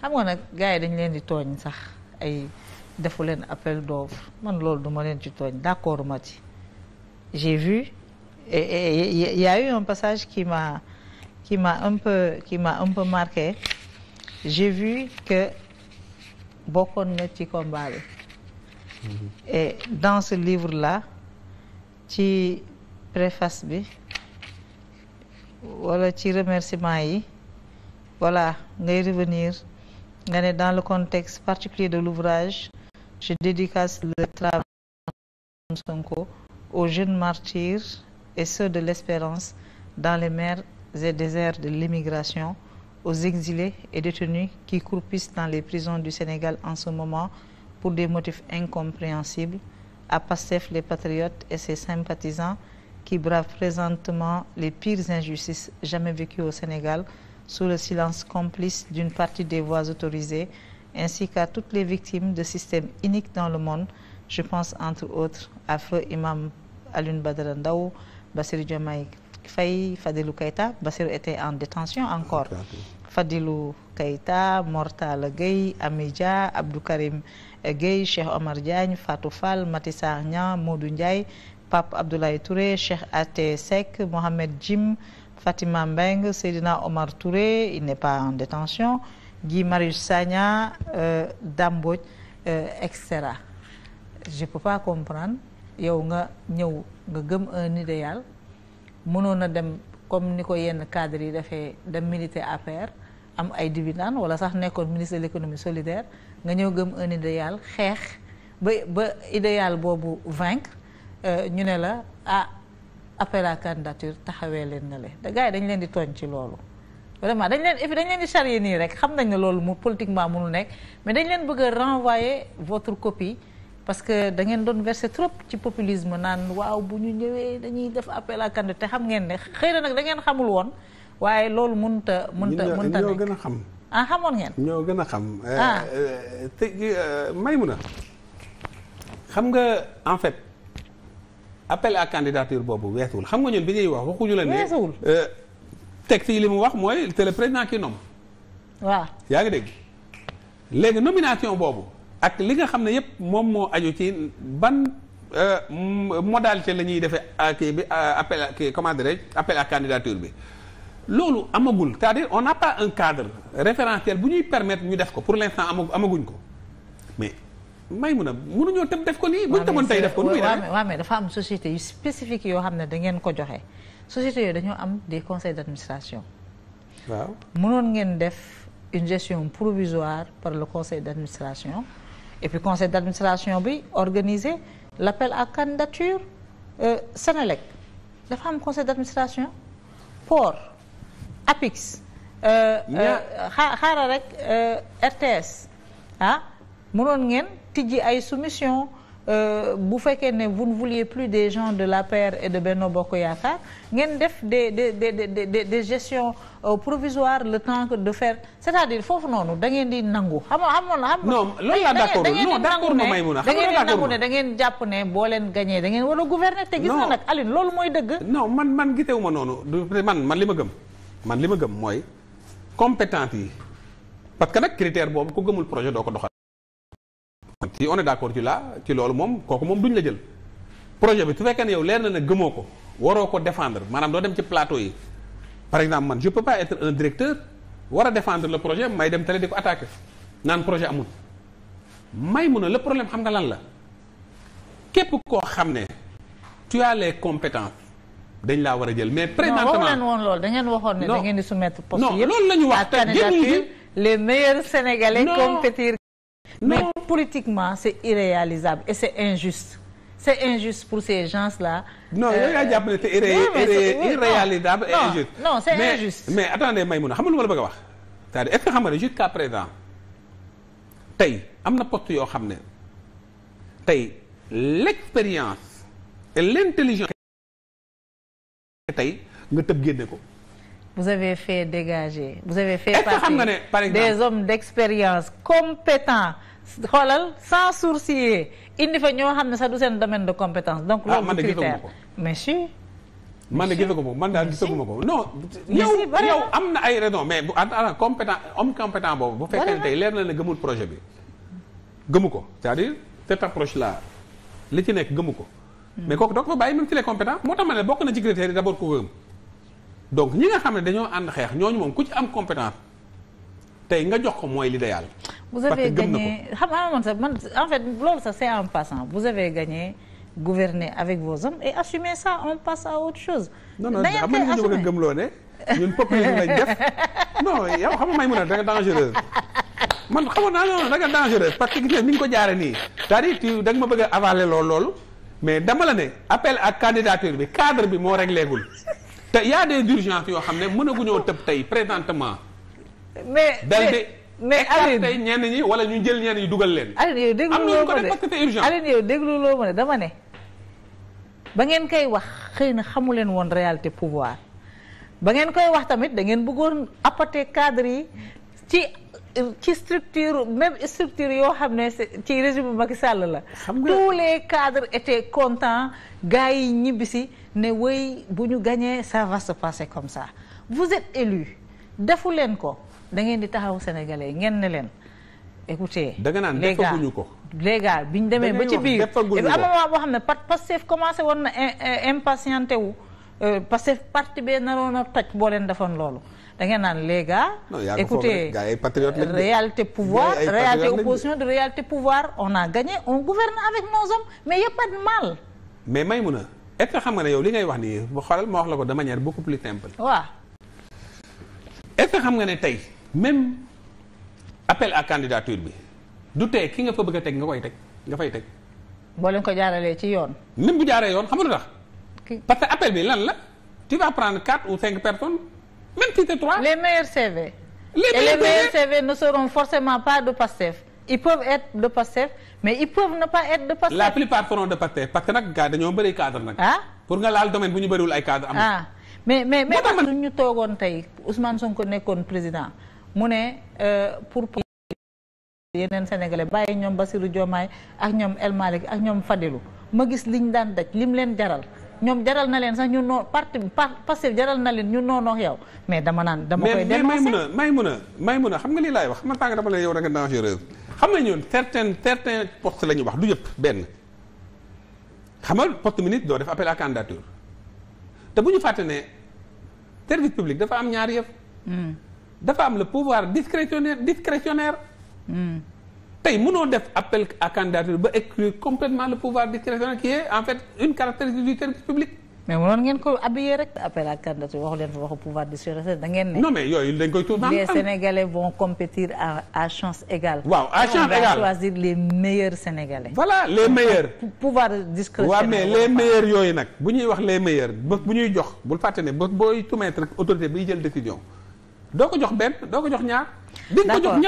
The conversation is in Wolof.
xam nga nag gars yi dañ leen di tooñ sax ay defu leen appel d'offre man loolu duma leen ci tooñ d'accord ma ci j'ai vu et passage qui m'a qui m'a un peu qui m'a un peu marqué j'ai bokkoon na ci combat bi mm-hmm. et dans ce livre la ci préface bi wala ci remerciement yi voilà ngay revenir nga ne dans le contexte particulier de l'ouvrage je dédicace le travail de Sonko aux jeunes martyrs et ceux de l'espérance dans les mers et déserts de l'immigration aux exilés et détenus qui croupissent dans les prisons du Sénégal en ce moment pour des motifs incompréhensibles à Pastef les patriotes et ses sympathisants qui bravent présentement les pires injustices jamais vécues au Sénégal sous le silence complice d'une partie des voix autorisées, ainsi qu'à toutes les victimes de systèmes uniques dans le monde. Je pense entre autres à Imam Alun Badara Ndao, Bassirou Diomaye Faye, Fadilou Keïta. Bassirou était en détention encore. Fadilou Keïta, Mortala Gueye, Amidia, Abdou Karim Gueye, Cheikh Omar Diagne, Fatou Fall, Matissa Niang, Modou Ndiaye, Pape Abdoulaye Touré, Cheikh Até Jim Fatima Mbengue Seydina Omar Touré il n'est pas en détention Guy Marius Sagna euh, Dame euh, je peux pas comprendre yow nga ñëw nga gëm un idéal mënoon a dem comme ni ko yenn cadre yi dafee dem militer APR am ay dividende wala sax nekkoon ministre l'économie solidaire nga ñëw gëm un idéal xeex ba ba idéal boobu vaincre euh, ñu ne la ah après la taxawee leen na le gars yi dañ leen di tooñ ci loolu vraiment dañ leen et puis dañ leen di charrier nii rek xam nañ ne loolu mu politiquement mënul nekk mais dañ leen bëgg renvoyé renvoyer votre copie parce que da ngeen doon verser trop ci populisme naan waaw bu ñu ñëwee dañuy def appel à te xam ngeen ne xëy na nag da ngeen xamul woon waaye loolu mënta mënta mënta nekk ñoo gën a xam ah xamoon ngeen ñoo gën a xam ah. eh, eh, te eh, may mun a xam nga en fait appel à candidature boobu weesuwul xam nga ñun bi ñuy wax waxuñu la ne. weesuwul euh, texte yi li mu wax mooy c'est le président qui nomme. waaw yaa ngi dégg. léegi nomination boobu ak li nga xam ne yépp moom moo aju ci ban euh, modalité la ñuy defee euh, kii bi appel kii comment dirais appel à candidature bi. loolu amagul c'est-à-dire on n'a pas un cadre référentiel bu ñuy permettre ñu def ko pour l'instant amaguñ ko may mun a mënuñoo tam def ko nii buñ tëboon tey def ko nii waaw mais dafa am société yu spécifique yoo xam ne da ngeen ko joxe société yooyu dañoo am des conseils d'administration waaw mënoon ngeen def une gestion provisoire par le conseil d'administration et puis conseil d'administration bi organiser l'appel à candidature euh, Sénélec dafa am conseil d'administration port APIX euh, euh, xaaral euh, rek RTS ah ngeen tijji ay soumission euh, bu fekkee ne vous ne vouliez plus des gens de la l'APR et de Benno Bokk Yaakaar ngeen def des des de des des gestions euh, provisoires le temps de faire c'est-à-dire foofu noonu da ngeen di nangu xam nga xam nga. non loolu laa d'accord non d'accord nga may mun a. xam nga da ngeen di nangu ne da jàpp ne boo leen gañee da ngeen a gouverner. te gis nga nag Aline loolu mooy dëgg. non man man gisewu noonu man man li ma gëm man li ma gëm mooy compétence yi parce que nag critère boobu ku gëmul projet doo ko doxal. si on est d'accord ci la ci loolu moom kooku moom duñ la jël projet bi su fekkee ne yow leer na ne gëmoo ko waroo ko défendre maanaam doo dem ci plateau yi par exemple man je peux pas être un directeur war a défendre la projet may dem télé di ko attaquer naan projet amul may mun a la problème xam nga lan la képp koo xam ne tu as les compétences dañ laa war a jël mais. présentement non waxu leen woon loolu da ngeen waxoon ne da ngeen di soumettre. poste yëpp mais non. politiquement c'est irréalisable et c'est injuste c'est injuste pour ces gens-là. non euh, yow yaa jàpp ne c'est irréalisable et non c'est injuste mais mais attendez Maïmouna xam nga lu ma la bëgg a wax. c'est-à-dire est-ce xam nga ne jusqu'à présent am na poste yoo xam ne tey l'expérience et l'intelligence tey nga tëb génne ko. vous avez fait dégager vous avez fait passer par exemple des hommes d'expérience compétents xoolal sans sourciller indi fa ñoo xam ne sax du seen domaine de compétence donc ah, loolu critère mais si man de gisaguma ko man daal gisaguma ko non. yow yow am na ay raison mais bu attends compétent homme compétent boobu. bu fekkee ne tey leer na ne gëmul projet bi. gëmu ko c'est-à-dire cette approche là li ci nekk gëmu ko. Hmm. mais kooku doo ko fa bàyyi même si les compétents moo tax ma ne bokk na ci critères yi d'abord donc ñi nga xam ne dañoo ànd xeex ñooñu moom ku ci am compétence tey nga jox ko mooy l'idéal. vous avez gagné xam nga man sax man en fait loolu sax c'est en passant vous avez gagné gouverner avec vos hommes et assumer ça on passe à autre chose. non non xam nga ñu bëgg a gëmloo ne ñun populisme lañ def non yow xam nga may mun a danga dangereuse man xamoon naa loolu danga dangereuse parce que gis nga ni nga ko jaare nii c'est-à-dire tu danga ma bëgg a avaler loolu loolu mais dama la ne appel à candidature bi cadre bi moo réglé gul te y a des urgences yoo xam ne mënaguñoo tëb tey présentement. mais mais mais Aline tey ñenn ñi wala ñu jël ñenn yi dugal leen. Aline yow déglu loo ma de parce que c'est loo ma de dama ne. ba ngeen koy wax xëy na xamu leen woon réalité pouvoir ba ngeen koy wax tamit da ngeen bëggoon apporter cadre yi ci ci structure même structure yoo xam ne ci régime Macky Sall la. tous les cadres étaient contents gars yi ñibbisi. ne wéy bu ñu gañee ça va se passer comme sa vous êtes élu defu leen ko da ngeen di taxaw sénégalais ngeen ne leen écoutez da nga naan defaguñu ko légal bi ñu demee ba ci biir am na boo xam ne pat Pastef commencé woon na euh, impatienté wu euh, Pastef parti bee na a toj boo leen defoon loolu da ngeen naan les gars. écoutez réalité pouvoir réalité opposition de réalité pouvoir on a gagné on gouverne avec nos hommes mais y a pas mal. mais Maïmouna est-ce xam nga ne yow li ngay wax nii bu xoolal ma wax la ko de manière beaucoup plus simple. waaw. est-ce que xam nga ne tey même appel ak candidature bi du tey ki nga fa bëgg a teg nga koy teg nga fay teg. boo leen ko jaaralee ci yoon. même bu jaaree yoon xam na lu tax. parce que appel bi lan la tu vas prendre ou cinq personnes même si c'est trois. les meilleurs CV. les pas de Pastef. ils peuvent être de Pastef mais ils peuvent ne pas être de Pastef. la plupart seront de Pastef parce que nag gars dañoo bëri cadre nag. ah pour nga laal domaine bu ñu bëriwul ay cadre am ah mais mais mais parce que ñu toogoon tey Ousmane Sonko nekkoon président mu ne euh, pour. yeneen sénégalais bàyyi ñoom Bassirou Diomaye ak ñoom El Malick ak ñoom Fadilou ma gis ñu daan daj lim leen jaral ñoom jaral na leen sax ñu noo parti Pastef jaral na leen ñu noonoo yow mais dama naan dama koy dénoncer mais mais may a a may a xam nga lii xam nga ñun certains certains postes la ñuy wax du yëpp benn xam nga poste ministre doo def appel à candidature te bu ñu fàtte ne service public dafa am ñaar yëf. Hmm. dafa am le pouvoir discrétionnaire discrétionnaire. Hmm. tey mënoo def appel à candidature ba exclure complètement le pouvoir discrétionnaire qui est en fait une caractéristique du service public. mais mënoon ngeen ko habillé rek. appel à candidature waxu leen fa waxu pouvoir dissuasif da ngeen ne. non mais yooyu dañ koy tuumaal les sénégalais vont compétir à à égale. waaw à égale va choisir les meilleurs sénégalais. voilà les meilleurs. pouvoir discrétionnaire waaw mais les meilleurs yooyu nag bu ñuy wax les meilleurs ba bu ñuy jox bul fàtte ne ba booy soumettre autorité biy jël décision doo ko jox benn doo ko jox ñaar. di